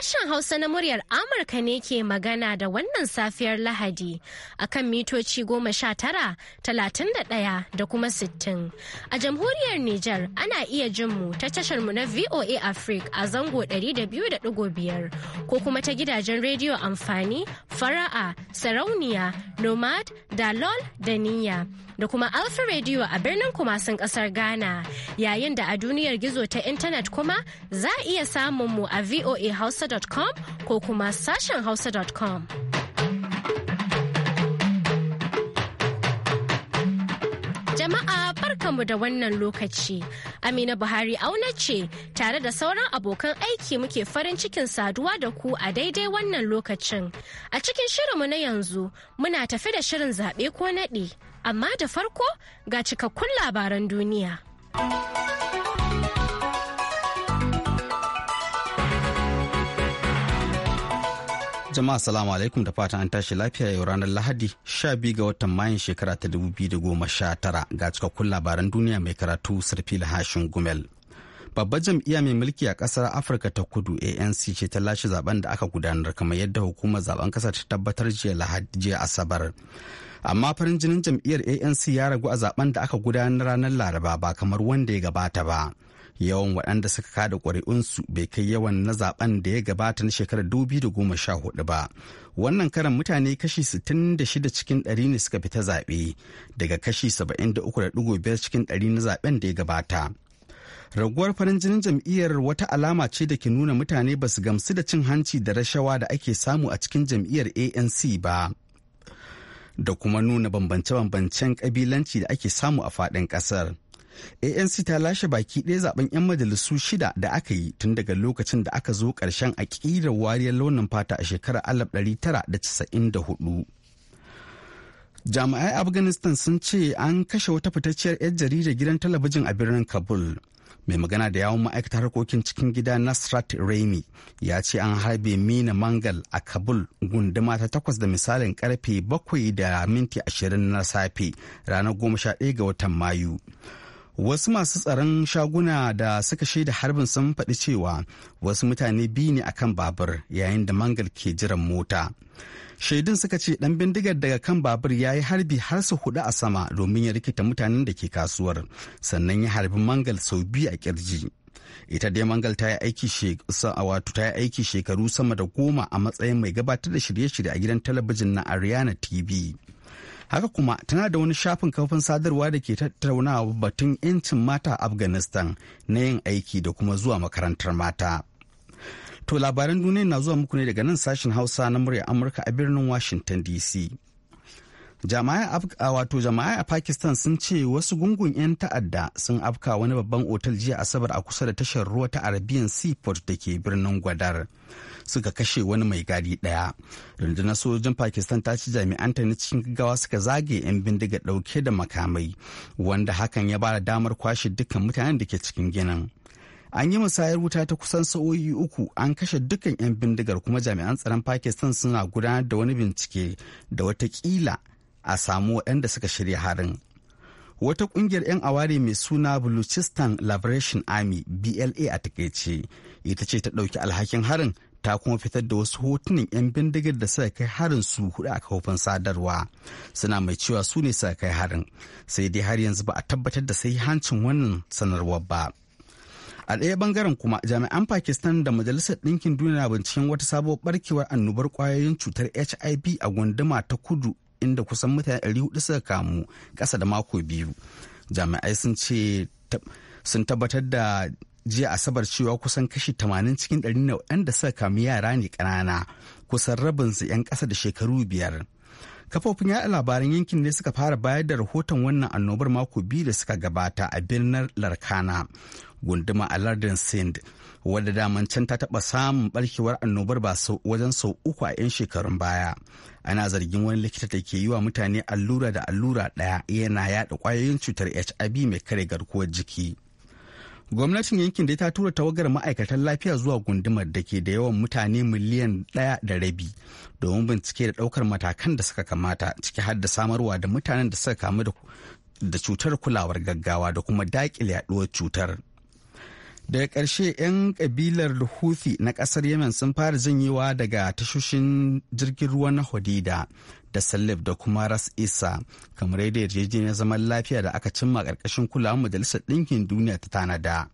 Sashen Hausa na muryar Amurka ne ke magana da wannan safiyar Lahadi a kan mitoci goma sha tara, talatin da ɗaya da kuma sittin. A jamhuriyar Nijar ana iya jin mu ta tashar mu na VOA Africa a zango da da biyu biyar ko kuma ta gidajen rediyo amfani, fara'a, sarauniya, nomad, dalol da niyya. Da kuma Alfa Radio a birnin kumasin kasar Ghana yayin da a duniyar gizo ta intanet kuma za a iya samun mu a VOA Hausa hausa.com ko kuma sashen hausa.com. Jama'a barkanmu da wannan lokaci. Amina Buhari auna ce tare da sauran abokan aiki muke farin cikin saduwa da ku a daidai wannan lokacin. A cikin shirinmu na yanzu muna tafi da shirin zaɓe ko naɗi, amma da farko ga cikakkun labaran duniya. jama'a salamu alaikum da fatan an tashi lafiya yau ranar lahadi 12 ga watan mayun shekara ta 2019 ga cikakkun labaran duniya mai karatu sarfila hashin gumel babbar jam'iyya mai mulki a kasar afirka ta kudu anc ce ta lashe zaben da aka gudanar kamar yadda hukumar zaben kasa ta tabbatar jiya asabar amma farin jinin jam'iyyar anc ya ragu a zaben da aka gudanar ranar laraba ba kamar wanda ya gabata ba yawan waɗanda suka kada ƙuri'unsu bai kai yawan na zaben da ya gabata na shekarar 2014 ba wannan karan mutane kashi 66 cikin 100 ne suka fita zaɓe daga kashi 73.5 cikin 100 na zaben da ya gabata raguwar farin jinin jam'iyyar wata alama ce da ke nuna mutane ba su gamsu da cin hanci da rashawa da ake samu a cikin jam'iyyar anc ba da kuma nuna bambance-bambancen kabilanci da ake samu a faɗin ƙasar. anc ta lashe baki ɗaya zaben 'yan majalisu shida da aka yi tun daga lokacin da aka zo ƙarshen aƙidar wariyar launin fata a shekarar 1994 jami'ai afghanistan sun ce an kashe wata fitacciyar 'yar jaridar gidan talabijin a birnin kabul mai magana da yawon ma'aikatar harkokin cikin gida nasrat raimi ya ce an harbe mina mangal a kabul gunduma ta takwas da misalin karfe bakwai da minti ashirin na safe ranar goma sha ga watan mayu wasu masu tsaron shaguna da suka shaida harbin sun faɗi cewa wasu mutane biyu ne akan babur yayin da mangal ke jiran mota shaidun suka ce ɗan bindigar daga kan babur ya yi harbi har su hudu a sama domin ya rikita mutanen da ke kasuwar sannan ya harbi mangal sau biyu a kirji ita dai mangal ta yi aiki ta yi aiki shekaru sama da goma a matsayin mai gabatar da shirye-shirye a gidan talabijin na ariana tv haka kuma tana da wani shafin kafin sadarwa da ke tattaunawa batun 'yancin mata a afghanistan na yin aiki da kuma zuwa makarantar mata to labaran duniya na zuwa muku ne daga nan sashen hausa na murya amurka a birnin washington dc wato jama'a a pakistan sun ce wasu gungun 'yan ta'adda sun afka wani babban otal jiya asabar a kusa da tashar ruwa ta arabian seaport da ke birnin gwadar suka kashe wani mai gadi ɗaya. Rundunar sojojin Pakistan ta ci jami'anta na cikin gaggawa suka zage 'yan bindiga dauke da makamai wanda hakan ya bada damar kwashe dukkan mutanen da ke cikin ginin. an yi musayar wuta ta kusan sa'o'i uku an kashe dukkan 'yan bindigar kuma jami'an tsaron pakistan suna gudanar da wani bincike da watakila a samu waɗanda suka shirya harin wata ƙungiyar 'yan aware mai suna Baluchistan liberation army bla a takaice ita ce ta ɗauki alhakin harin ta kuma fitar da wasu hotunan 'yan bindigar da suka kai harin su hudu a kafofin sadarwa suna mai cewa su ne suka kai harin sai dai har yanzu ba a tabbatar da sai hancin wannan sanarwar ba a ɗaya bangaren kuma jami'an pakistan da majalisar ɗinkin duniya binciken wata sabuwar barkewar annobar kwayoyin cutar hiv a gunduma ta kudu inda kusan mutane 400 suka kamu ƙasa da mako biyu jami'ai sun ce sun tabbatar da jiya asabar cewa kusan kashi 80 cikin 100 na waɗanda suka kamu yara ne kanana kusan rabin rabinsu 'yan ƙasa da shekaru biyar kafofin yaɗa labaran yankin ne suka fara bayar da rahoton wannan annobar mako biyu da suka gabata a birnin larkana gunduma a lardin sind wadda daman can ta taɓa samun barkewar annobar ba wajen sau uku a 'yan shekarun baya ana zargin wani likita da ke yi wa mutane allura da allura ɗaya yana yaɗa kwayoyin cutar hiv mai kare garkuwar jiki gwamnatin yankin da ta tura tawagar ma'aikatan lafiya zuwa gundumar da ke da yawan mutane miliyan ɗaya da rabi domin bincike da ɗaukar matakan da suka kamata ciki har da samarwa da mutanen da suka kamu da cutar kulawar gaggawa da kuma dakile yaɗuwar cutar daga ƙarshe 'yan ƙabilar huthi na ƙasar yemen sun fara janyewa daga tashoshin jirgin ruwa na hodida da salif da kuma ras isa kamar yadda yarjejeniyar zaman lafiya da aka cimma ƙarƙashin kulawar majalisar ɗinkin duniya ta tanada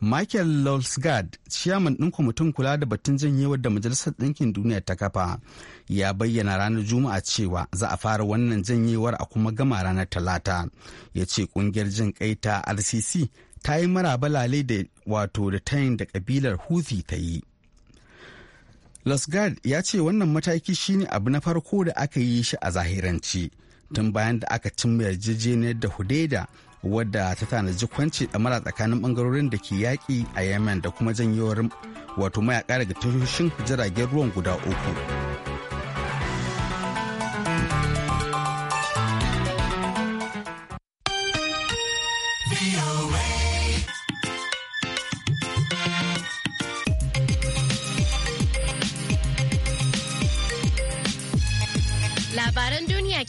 michael lolsgaard ciyaman ɗin kwamitin kula da batun janyewar da majalisar ɗinkin duniya ta kafa ya bayyana ranar juma'a cewa za a fara wannan janyewar a kuma gama ranar talata ya ce ƙungiyar jin kai ta rcc ta yi marabalale da wato da tayin da ƙabilar huthi ta yi Lasgard ya ce wannan mataki shi ne abu na farko da aka yi shi a zahirance tun bayan da aka cimma yarjejeniyar da hudeda wadda ta tanaji kwanci mara tsakanin bangarorin da ke yaƙi a Yemen da kuma janyewar wato mayaƙa daga tashoshin jiragen ruwan guda uku.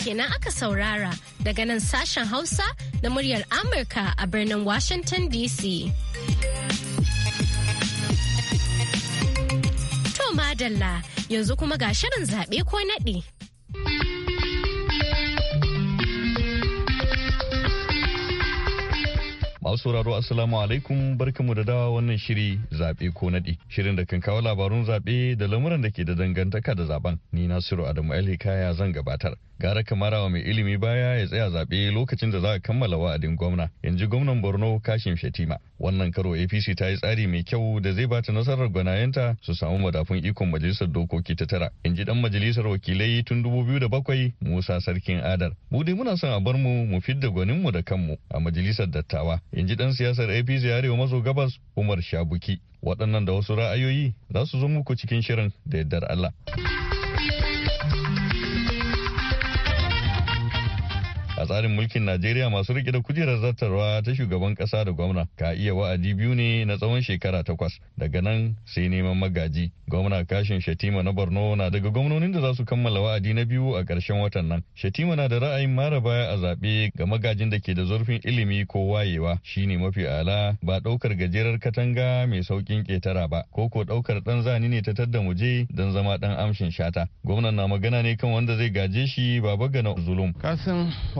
kenan aka saurara daga nan sashen Hausa na muryar Amurka a birnin Washington DC. To madalla yanzu kuma ga shirin zaɓe ko naɗi. Masu sauraro Assalamu alaikum barkamu da dawa wannan shiri zaɓe ko naɗi. Shirin da kan kawo labarun zaɓe da lamuran da ke da dangantaka da zaben. Ni Nasiru Adamu Ali Kaya zan gabatar. gara wa mai ilimi baya ya tsaya zaɓe lokacin da za a kammala wa'adin gwamna in ji gwamnan borno kashim shatima. wannan karo apc ta yi tsari mai kyau da zai bata nasarar gwanayenta su samu madafun ikon majalisar dokoki ta tara in ji dan majalisar wakilai tun dubu biyu da bakwai musa sarkin adar mu dai muna son a bar mu mu fidda gwaninmu da kanmu a majalisar dattawa in ji dan siyasar apc arewa maso gabas umar shabuki waɗannan da wasu ra'ayoyi za su zo muku cikin shirin da yardar allah a tsarin mulkin najeriya masu rike da kujerar zartarwa ta shugaban kasa da gwamna ka iya wa'adi biyu ne na tsawon shekara takwas daga nan sai neman magaji gwamna kashin shatima na borno na daga gwamnonin da za su kammala wa'adi na biyu a ƙarshen watan nan shatima na da ra'ayin mara baya a zaɓe ga magajin da ke da zurfin ilimi ko wayewa shine mafi ala ba ɗaukar gajerar katanga mai sauƙin ƙetara ba ko ko ɗaukar ɗan zani ne ta tadda muje don zama ɗan amshin shata gwamnan na magana ne kan wanda zai gaje shi baba gana zulum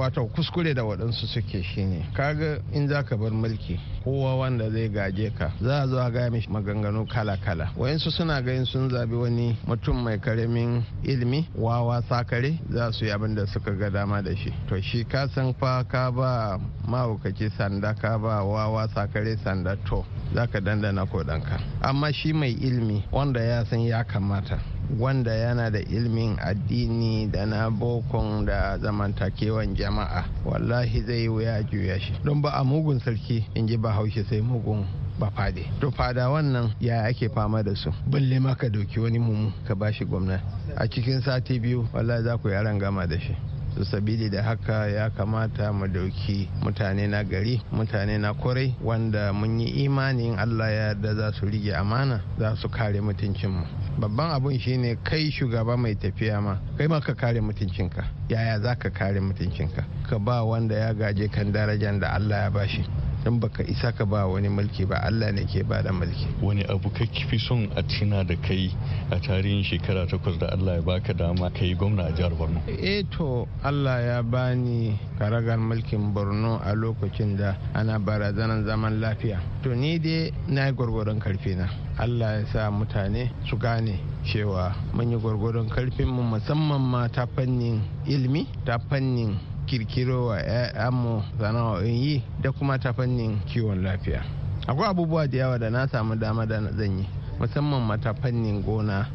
wato kuskure da waɗansu suke shine kaga in za ka bar mulki kowa wanda zai gaje ka za a zo a ga mishi maganganu kala-kala wayansu suna ganin sun zabi wani mutum mai karamin ilimi wawa sakare za su yi abin da suka ga dama da shi to shi ka san fa ka ba mahaukaci sanda ka ba wawa sakare sanda to za ka dandana ɗanka amma shi mai ilimi wanda ya san ya kamata wanda yana da ilmin addini da na bokon da zamantakewan jama'a wallahi zai wuya juya shi don ba a mugun sarki in ji bahaushe sai mugun ba fade to fada wannan ya ake fama da su balle ma ka doki wani mumu ka bashi gwamna a cikin sati biyu wallahi za ku yaran gama da shi su sabili da haka ya kamata mu dauki mutane na gari mutane na kwarai wanda mun yi imanin allah ya da za su rige amana za su kare mutuncinmu babban abun shine kai shugaba mai tafiya ma kai ma ka kare mutuncinka yaya za ka kare mutuncinka ka ba wanda ya gaje kan darajan da allah ya bashi don baka isa ka ba wani mulki ba Allah ne ke da mulki wani abu ka kifi son a tina da kai a tarihin shekara takwas da Allah ya baka dama ka yi gwamna a jihar Borno eh to Allah ya bani karagar mulkin Borno a lokacin da ana barazanar zaman lafiya to ni dai na yi gwargwaron karfi na Allah ya sa mutane su gane cewa mun yi gwargwaron karfin mu musamman ma ta fannin ilimi ta fannin kirkiro wa 'ya'yanmu sana'o'in yi da kuma ta fannin kiwon lafiya akwai abubuwa da yawa da na samu dama da na zanyi musamman mata fannin gona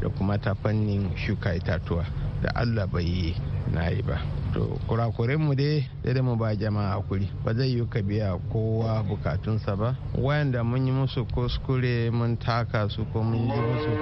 da kuma ta fannin shuka itatuwa da allah bai yi na yi ba to kurakurenmu dai dai mu ba jama'a hakuri ba zai yi ka biya kowa bukatunsa ba wayanda mun yi musu kuskure mun taka su ko mun yi musu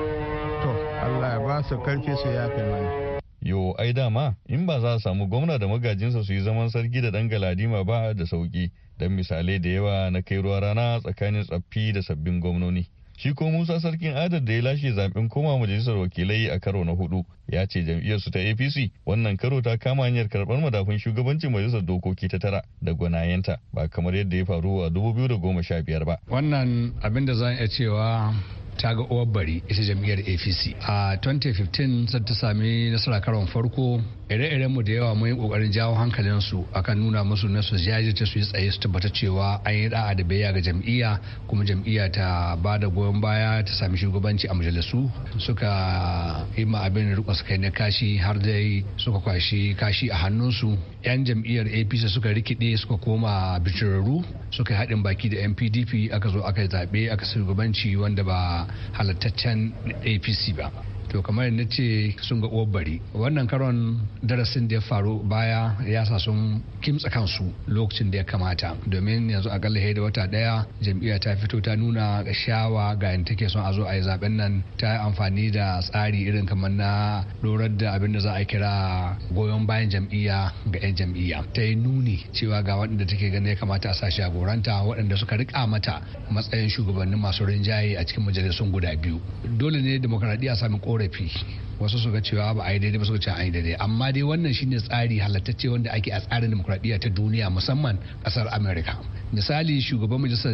to allah ya ba su karfi su yafe mana Yo, ai dama in ba za a samu gwamna da magajinsa su yi zaman sarki da dan galadima ba da sauki don misalai da yawa na kai ruwa rana tsakanin tsaffi da sabbin gwamnoni. Shi ko Musa Sarkin Adar da ya lashe zaɓen koma majalisar wakilai a karo na hudu ya ce jam'iyyarsu ta APC wannan karo ta kama hanyar karɓar madafin shugabancin majalisar dokoki ta tara da gwanayenta ba kamar yadda ya faru a 2015 ba. Wannan abin da zan iya cewa ta ga uwar bari ita jam'iyyar apc a 2015 ta sami nasara karon farko ire-iren mu da yawa mun yi kokarin jawo hankalinsu akan nuna musu na su ta su yi tsaye su tabbata cewa an yi da'a da bayya ga jam'iyya kuma jam'iyya ta ba da goyon baya ta sami shugabanci a majalisu suka yi ma abin riko kai na kashi har dai suka kwashi kashi a hannunsu yan jam'iyyar apc suka rikide suka koma bitirarru suka haɗin baki da npdp aka zo aka zaɓe aka shugabanci wanda ba halattaccen apc ba to kamar na ce sun ga uwar bari wannan karon darasin da ya faru baya ya sa sun kimtsa kansu lokacin da ya kamata domin yanzu a akalla da wata daya jam'iyya ta fito ta nuna ga shawa ga yin take son a zo a yi zaben nan ta yi amfani da tsari irin kamar na dorar da abin da za a kira goyon bayan jam'iyya ga 'yan jam'iyya ta yi nuni cewa ga waɗanda take ganin ya kamata a sa jagoranta waɗanda suka rika mata matsayin shugabannin masu rinjaye a cikin majalisun guda biyu dole ne demokaradiyya sami kore. korafi wasu su ga cewa ba a yi daidai ba su ce a yi daidai amma dai wannan shine tsari halattacce wanda ake a tsarin demokradiyya ta duniya musamman kasar america misali shugaban majalisar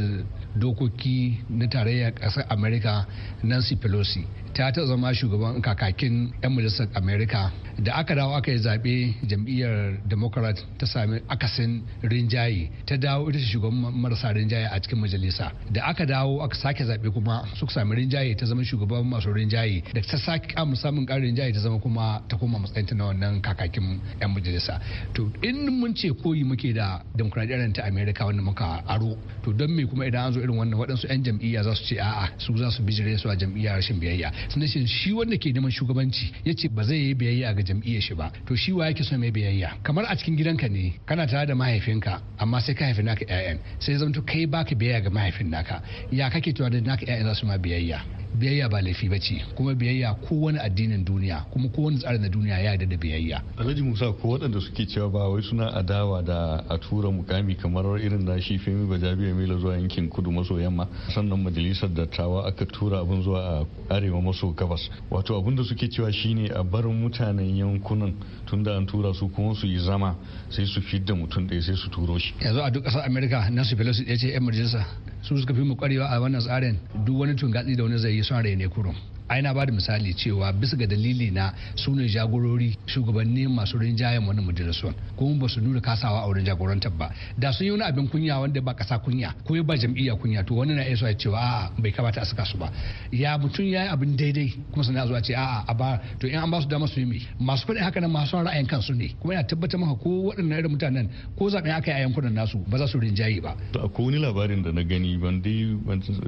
dokoki na tarayyar ƙasar Amerika nancy pelosi ta ta zama shugaban kakakin 'yan majalisar Amerika da aka dawo aka yi zaɓe jam'iyyar democrat ta sami akasin rinjaye ta dawo ita ce shugaban marasa rinjaye a cikin majalisa da aka dawo aka sake zaɓe kuma suka sami rinjaye ta zama shugaban masu rinjaye da ta sake kamu samun ƙarin rinjaye ta zama kuma ta koma matsayinta na wannan kakakin 'yan majalisa to in mun ce koyi muke da demokradiyyar ta Amerika wanda muka aro to don me kuma idan an zo irin wannan waɗansu 'yan jam'iyya za su ce a'a su za su bijire su a jam'iyya rashin biyayya sun ce shi wanda ke neman shugabanci ya ce ba zai yi biyayya ga jam'iyyar shi ba to shi wa yake so mai biyayya kamar a cikin gidanka ne kana tare da mahaifinka amma sai ka haifi naka 'ya'yan sai zamto kai baka biyayya ga mahaifin naka ya kake tunanin naka 'ya'yan za su ma biyayya biyayya ba laifi ba ce kuma biyayya kowane addinin duniya kuma kowane tsarin na duniya ya yarda da biyayya alhaji musa ko waɗanda suke cewa ba wai suna adawa da a tura mukami kamar irin na shi femi bajabiya mila zuwa yankin kudu maso yamma sannan majalisar dattawa aka tura abin zuwa a arewa maso gabas wato abin da suke cewa shine a barin mutanen yankunan tunda an tura su kuma su yi zama sai su fidda mutum ɗaya sai su turo shi yanzu a duk ƙasar america nasu pelosi ɗaya ce yan majalisa su suka fi mu a wannan tsarin duk wani tungatsi da wani zai yi 我再给你一次机 Aina ba bada misali cewa bisa ga dalili na sune jagorori shugabanni masu rinjayen wani majalisun kuma ba su nuna kasawa a wurin jagorantar ba da sun yi wani abin kunya wanda ba kasa kunya ko ba jam'iyya kunya to wani na iya zuwa cewa a'a bai kamata a saka su ba ya mutum ya yi abin daidai kuma suna zuwa ce a'a a ba to in an ba su dama su yi mai masu faɗin haka nan masu ra'ayin kansu ne kuma yana tabbatar maka ko waɗannan irin mutanen ko zaɓen aka yi a yankunan nasu ba za su rinjaye ba. to akwai wani labarin da na gani ban dai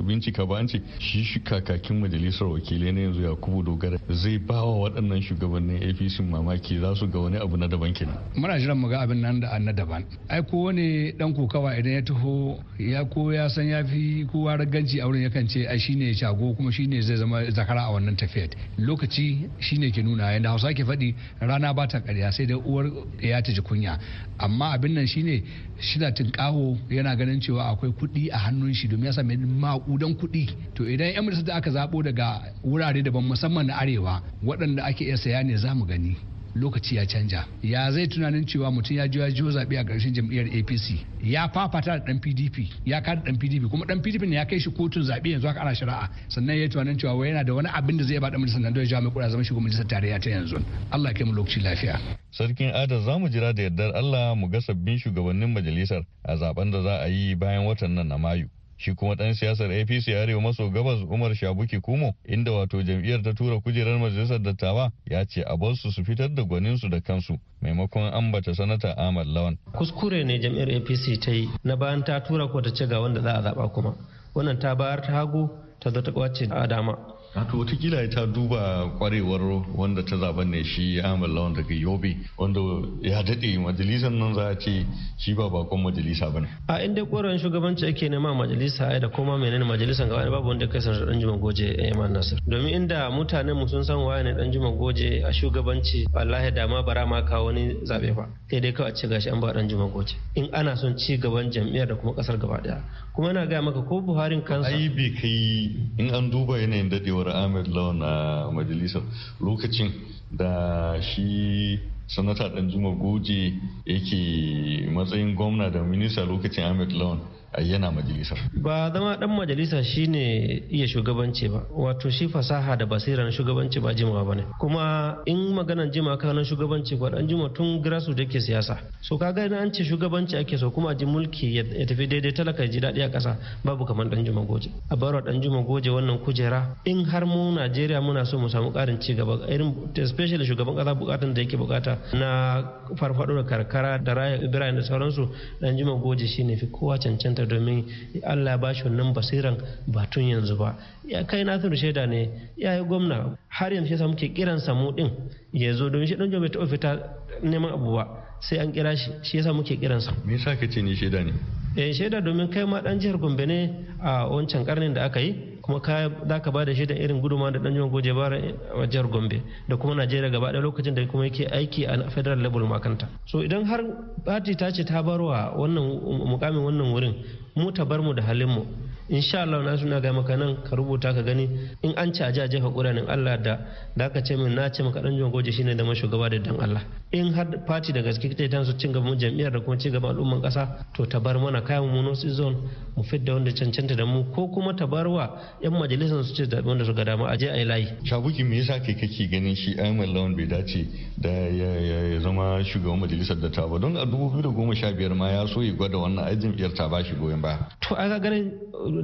bincika ba an ce shi shi kakakin majalisar wakilai yanayin na ya kubu dogara zai ba wa waɗannan shugabannin apc mamaki za su ga wani abu na daban kenan muna jiran mu ga abin nan da na daban ai ko wani dan kokawa idan ya taho ya ko ya san ya fi kowa raganci a wurin yakan ce ai shine shago kuma shine zai zama zakara a wannan tafiyar lokaci shine ke nuna yanda hausa ke faɗi rana ba ta ƙarya sai dai uwar ya ta ji kunya amma abin nan shine shida tinkaho yana ganin cewa akwai kuɗi a hannun shi domin ya sami maƙudan kuɗi to idan yan majalisar da aka zaɓo daga wurare daban musamman na arewa waɗanda ake iya saya ne za mu gani lokaci ya canja ya zai tunanin cewa mutum ya jiwa jiwo zaɓe a ƙarshen jam'iyyar apc ya fafata da ɗan pdp ya kada ɗan pdp kuma ɗan pdp ne ya kai shi kotun zaɓe yanzu haka ana shari'a sannan ya yi tunanin cewa wai yana da wani abin da zai ba ɗan majalisar don ya jawo mai kura zama shugaban majalisar tarayya ta yanzu allah kai mu lokaci lafiya. sarkin ada za mu jira da yardar allah mu ga sabbin shugabannin majalisar a zaben da za a yi bayan watan nan na mayu. shi kuma ɗan siyasar apc arewa maso gabas umar shabuki kumo inda wato jam'iyyar ta tura kujerar majalisar dattawa ya ce a bar su su fitar da gwanin su da kansu maimakon ambata sanata ahmad lawan kuskure ne jam'iyyar apc ta yi na bayan ta tura ko ta ce ga wanda za a zaba kuma wannan ta bayar ta hagu ta zo ta kwace a dama wato ah, watakila ta duba kwarewar wanda ta zaben ne shi ahmad lawan daga yobe wanda ya daɗe majalisar nan za a ce shi ba bakon majalisa ba ne a inda ƙwarewar shugabanci ake nema majalisa ya da koma menene majalisar gaba babu wanda kai sanar dan juma goje yaman eh, nasir domin inda mutanen mu sun san waye ne dan juma goje a shugabanci wallahi da ma bara ma kawo wani zaɓe ba sai dai kawai a ce gashi an ba dan juma goje in ana son ci gaban jam'iyyar da kuma kasar gaba daya kuma ina gaya maka ko buharin kansa ai bai kai in an duba yanayin dadewa cewar ahmed lawan a majalisar lokacin da shi sanata danjuma goje yake matsayin gwamna da minista lokacin ahmed lawan yana majalisa. Ba zama dan majalisa shine iya shugabanci ba, wato shi fasaha da basira na shugabanci ba jimawa ba ne. Kuma in maganan jima ka na shugabanci ko dan jima tun grasu da ke siyasa. So ka ga an ce shugabanci ake so kuma ji mulki ya tafi daidai talaka ji daɗi a ƙasa babu kamar dan juma goje. A barwa dan juma goje wannan kujera in har mu Najeriya muna so mu samu ƙarin ci gaba irin especially shugaban ƙasa bukatun da yake bukata na farfaɗo da karkara da raya Ibrahim da sauransu dan juma goje shine fi kowa cancanta cancanta domin Allah ya bashi wannan basiran ba tun yanzu ba ya kai na Nasiru shaida ne ya yi gwamna har yanzu yasa muke kiran samu din ya zo domin shi dan jami'a ta fita neman abu ba sai an kira shi shi yasa muke kiran sa me yasa kace ni shaida ne eh shaida domin kai ma dan jihar Gombe ne a wancan karnin da aka yi kuma ka da ka ba da shaida irin guduma da dan juma goje bara a jihar gombe da kuma najeriya gaba ɗaya lokacin da kuma yake aiki a federal level makanta so idan har party ta ce ta barwa wannan mukamin wannan wurin mu ta bar mu da halin mu insha Allah na suna ga maka nan ka rubuta ka gani in an ci a aje ka nan Allah da da ka ce min na ce maka dan John Goje shine da shugaba da dan Allah in har party da gaske kake tan su cin gaban jami'ar da kuma cin gaban al'umman ƙasa to ta bar mana kayan mu no season mu fidda wanda cancanta da mu ko kuma ta bar wa yan majalisar su ce da wanda su ga dama a yi layi shabuki me yasa kai kake ganin shi Ahmed Lawan bai dace da ya zama shugaban majalisar da ta ba don a 2015 ma ya so ya gwada wannan ajin ta ba shi goyon ba to a ga ganin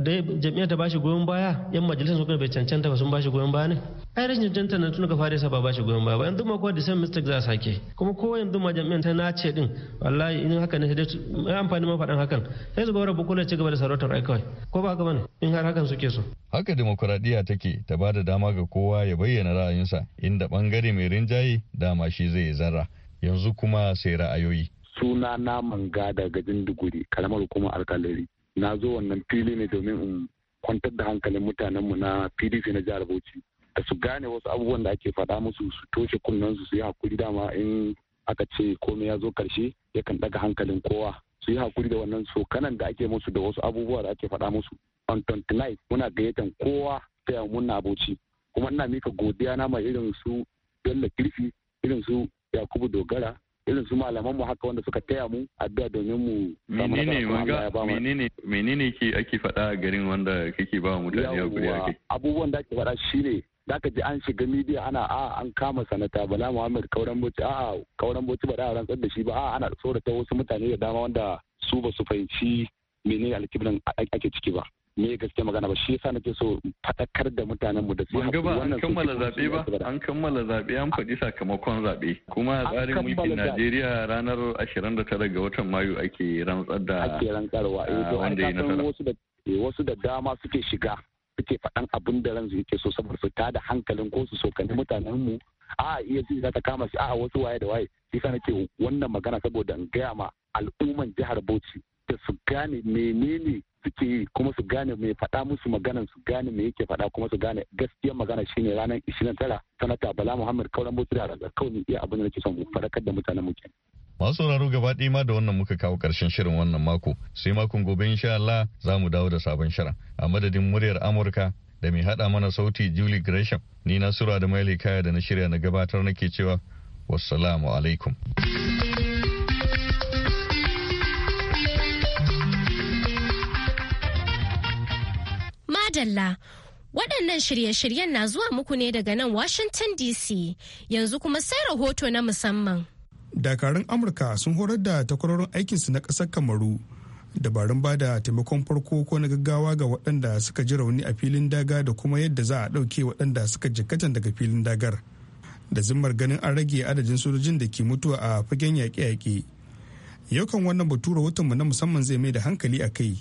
jami'a ta bashi goyon baya yan majalisar suka bai cancanta ba sun bashi goyon baya ne ai rashin cancanta na tun ka fara sa ba bashi goyon baya ba yanzu ma kowa da san mistake za a sake kuma ko yanzu ma jami'an ta ce din wallahi in haka ne sai amfani ma faɗan hakan sai su ga rabu kula ci gaba da sarautar ai kawai ko ba haka bane in har hakan suke so haka demokuraɗiyya take ta ba da dama ga kowa ya bayyana ra'ayinsa inda bangare mai rinjaye dama shi zai zarra yanzu kuma sai ra'ayoyi suna na manga daga dinduguri kalamar kuma alkalari na zo wannan fili ne domin in kwantar da hankalin mutanenmu na pdp na jihar bauchi da su gane wasu abubuwan da ake faɗa musu su toshe kunnensu su yi hakuri dama in aka ce komai ya zo karshe yakan ɗaga hankalin kowa su yi hakuri da wannan sokanan da ake musu da wasu abubuwa da ake faɗa musu on 29 muna gayyatan kowa ta muna bauchi kuma ina mika godiya na mai irin su bello kirfi irin su yakubu dogara irin su malaman mu haka wanda suka taya mu addu'a domin mu menene manga menene menene ke ake faɗa a garin wanda kake ba mutane a guri ake abubuwan da ake faɗa shine da ka ji an shiga media ana a an kama sanata bala muhammad kauran bauchi a kauran bauchi ba da rantsar da shi ba a ana tsorata wasu mutane da dama wanda su ba su fahimci menene alkiblan ake ciki ba me gaske magana ba shi yasa nake so fadakar da mutanen mu da su ba an kammala zabe ba an kammala zabe an faɗi sakamakon zabe kuma a tsarin mulkin Najeriya ranar 29 ga watan Mayu ake rantsar da ake rantsarwa eh wanda ya nasara wasu da eh, wasu da dama suke shiga suke faɗan abin da ransu yake so saboda su tada hankalin ko su sokani mutanen mu a iya e ji za ta kama shi a wasu waye da waye shi yasa nake wannan magana saboda in gaya ma al'umman jihar Bauchi da su gane menene suke yi kuma su gane mai faɗa musu maganan su gane me yake faɗa kuma su gane gaskiyar magana shine ranar tara sanata bala muhammad kauran bauchi da ranar kauni iya abin da nake son faɗakar da mutanen muke masu sauraro gaba ɗaya ma da wannan muka kawo karshen shirin wannan mako sai makon gobe insha Allah za mu dawo da sabon shirin a madadin muryar amurka da mai haɗa mana sauti julie gresham ni na sura da maili kaya da na shirya na gabatar nake cewa wassalamu alaikum. madalla. Waɗannan shirye-shiryen na zuwa muku ne daga nan Washington DC yanzu kuma sai rahoto na musamman. Dakarun Amurka sun horar da takwarorin aikinsu na ƙasar Kamaru dabarun ba da taimakon farko ko na gaggawa ga waɗanda suka ji rauni a filin daga da kuma yadda za a ɗauke waɗanda suka jikkatan daga filin dagar. Da zimmar ganin an rage adadin sojojin da ke mutuwa a fagen yaƙe-yaƙe. Yau kan wannan batu watanmu na musamman zai mai da hankali a kai.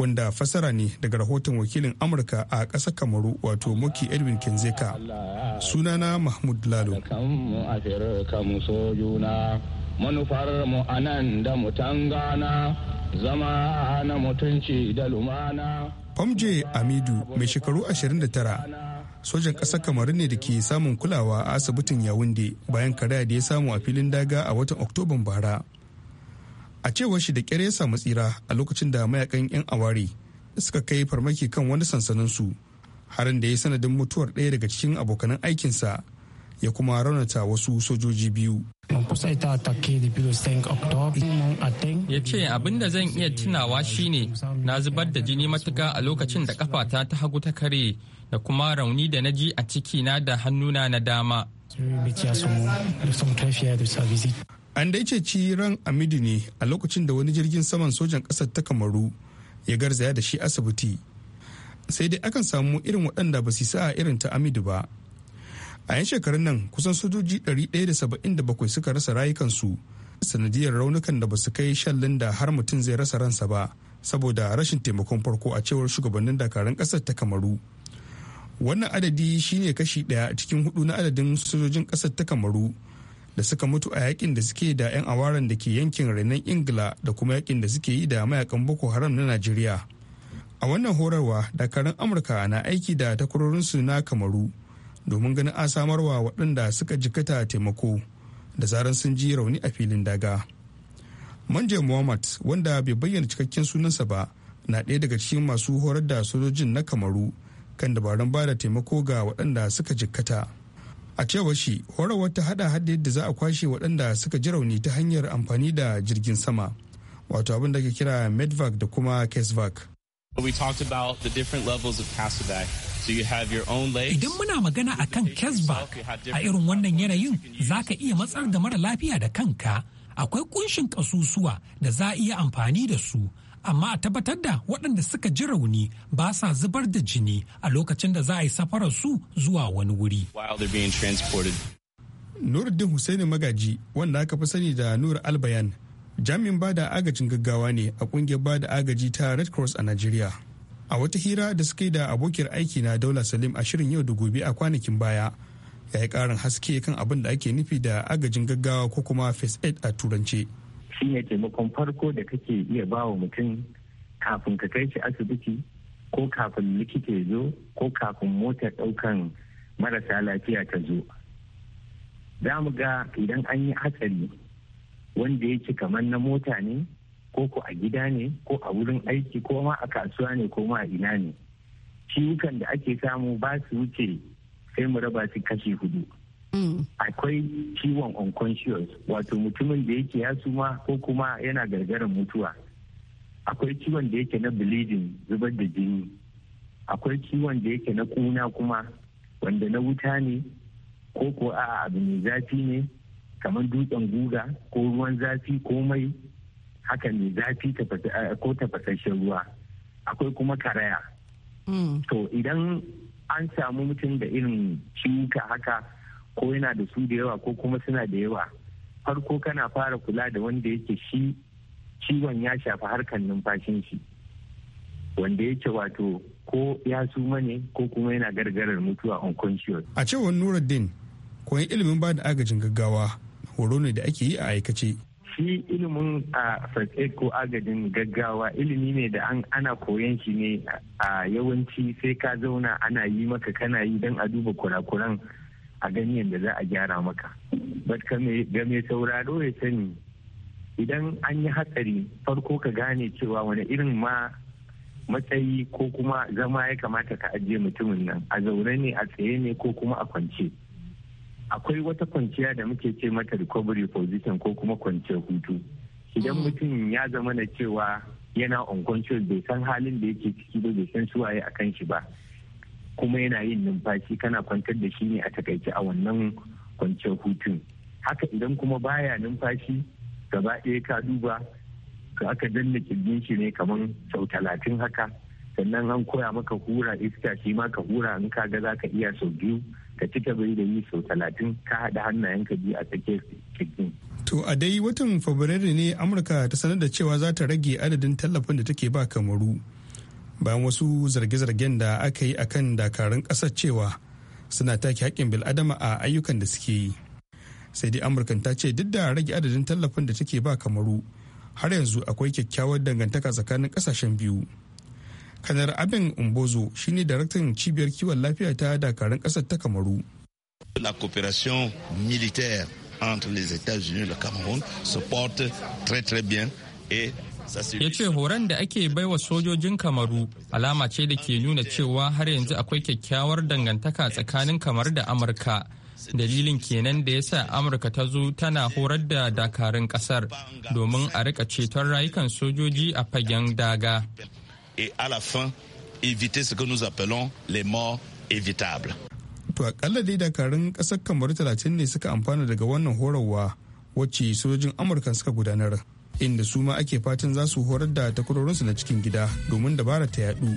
wanda fasara ne daga rahoton wakilin amurka a ƙasar kamaru wato moki edwin kenzeka sunana mahmud lalo manufar mu anan da mutangana zama na mutunci da lumana famje amidu mai shekaru 29 sojan ƙasar kamaru ne da ke samun kulawa a asibitin yawunde bayan kare da ya samu a filin daga a watan oktoban bara a cewar shi da kyar ya samu tsira a lokacin da mayakan 'yan aware suka kai farmaki kan wani sansanin su harin da ya sanadin mutuwar ɗaya daga cikin abokanan aikinsa ya kuma raunata wasu sojoji biyu. Ya ce abin da zan iya tunawa shine na zubar da jini matuka a lokacin da kafata ta hagu ta kare da kuma rauni da na ji a ciki na da hannuna na dama. an dai ci ran Amidu ne a lokacin da wani jirgin saman sojan ƙasar ta kamaru ya garzaya da shi asibiti sai dai akan samu irin waɗanda ba su sa irin ta amidu ba a yan shekarun nan kusan sojoji 177 suka rasa rayukansu sanadiyar raunukan da ba su kai shan da har mutum zai rasa ransa ba saboda rashin taimakon farko a cewar shugabannin dakarun ƙasar ta kamaru wannan adadi shine kashi ɗaya cikin hudu na adadin sojojin ƙasar ta kamaru da suka mutu a yakin da suke da 'yan awaran da ke yankin renon ingila da kuma yakin da suke yi da mayakan boko haram na najeriya a wannan horarwa dakarun amurka na aiki da takwarorinsu na kamaru domin ganin a samarwa waɗanda suka jikata taimako da zaran sun ji rauni a filin daga manje muhammad wanda bai bayyana cikakken sunansa ba na ɗaya daga cikin masu horar da sojojin na kamaru kan dabarun ba da taimako ga waɗanda suka jikkata a cewar shi horawar ta hada hada yadda za a kwashe waɗanda suka ji rauni ta hanyar amfani da jirgin sama wato abin da ke kira medvac da kuma kesvac Idan muna magana a kan Kesbach a irin wannan yanayin za ka iya matsar da mara lafiya da kanka akwai kunshin ƙasusuwa da za a iya amfani da su amma a tabbatar da waɗanda suka ji rauni ba sa zubar da jini a lokacin da za a yi safarar su zuwa wani wuri. Nuruddin Hussaini Magaji wanda aka fi sani da Nur Albayan jami'in bada agajin gaggawa ne a kungiyar bada agaji ta Red Cross a Najeriya. A wata hira da suke da abokiyar aiki na Daula Salim a shirin yau da gobe a kwanakin baya ya yi karin haske kan abin da ake nufi da agajin gaggawa ko kuma first aid a turance. ya taimakon farko da kake iya ba wa mutum kafin ka kai shi asibiti ko kafin likita ya zo ko kafin motar ɗaukan marasa lafiya ta zo za mu ga idan an yi hatsari wanda ya ci kamar na mota ne ko ko a gida ne ko a wurin aiki ko ma a kasuwa ne ko ma a ina ne ciwukan da ake samu ba su wuce sai mu raba su kashi hudu akwai ciwon unconscious wato mutumin da yake ya suma ko kuma yana gargaran mutuwa akwai ciwon da yake na bleeding zubar da jini akwai ciwon da yake na kuna kuma wanda na wuta ne ko ko a abu mai zafi ne kamar dutsen guga ko ruwan zafi ko mai haka mai zafi eh, ko tafasashen ruwa akwai kuma karaya mm. to idan an samu mutum da irin ciwuka haka ko yana da su da yawa ko kuma suna da yawa farko kana fara kula da wanda yake shi ciwon ya shafi harkar numfashin shi wanda yake wato ko ya suma ne ko kuma yana gargarar mutuwa unconscious. A cewar Nuruddin, koyon ilimin ba da agajin gaggawa horo ne da ake yi a aikace. Shi ilimin a first ko agajin gaggawa ilimi ne da ana koyon shi ne a yawanci sai ka zauna ana yi maka kana yi don a duba kurakuran a ganyen da za a gyara maka bat ga mai sauraro ya sani idan an yi hatsari farko ka gane cewa wani irin ma matsayi ko kuma zama ya kamata ka ajiye mutumin nan a zaune ne a tsaye ne ko kuma a kwance akwai wata kwanciya da muke ce mata recovery position ko kuma kwanciyar hutu idan mm. mutum ya zama na cewa yana unconscious bai san halin da yake ciki ba bai san suwaye a kan shi ba kuma yana yin numfashi kana kwantar da shi ne a takaice a wannan kwanciyar hutun haka idan kuma baya numfashi gaba ɗaya ka duba ka aka danna kirjin shi ne kamar sau talatin haka sannan an koya maka hura iska shi ma ka hura in ka ga za ka iya sau biyu ka ci bai da yi sau talatin ka haɗa hannayen ka biyu a tsakiyar kirjin. To a dai watan Fabrairu ne Amurka ta sanar da cewa za ta rage adadin tallafin da take ba Kamaru. bayan wasu zarge-zargen da aka yi a kan dakarun ƙasar cewa suna take haƙƙin bil'adama a ayyukan da suke yi sai dai amurkan ta ce duk da rage adadin tallafin da take ba kamaru har yanzu akwai kyakkyawar dangantaka tsakanin ƙasashen biyu kanar abin umbozo shine daraktan cibiyar kiwon lafiya ta dakarun ƙasar ta kamaru La coopération militaire entre les États-Unis et le Cameroun se porte très très bien et ya ce horon da ake baiwa sojojin kamaru alama ce da ke nuna cewa har yanzu akwai kyakkyawar dangantaka tsakanin kamar da amurka dalilin kenan da ya sa amurka ta zo tana horar da dakarun kasar domin a rika ceton rayukan sojoji a fagen daga to akalla dai dakarun ƙasar kamar 30 ne suka amfana daga wannan horarwa wacce sojojin amurka suka gudanar inda su ma ake fatan za su horar da takwarorinsu na cikin gida domin dabara ta yadu.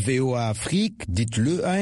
VOA Afrique, dites-le à un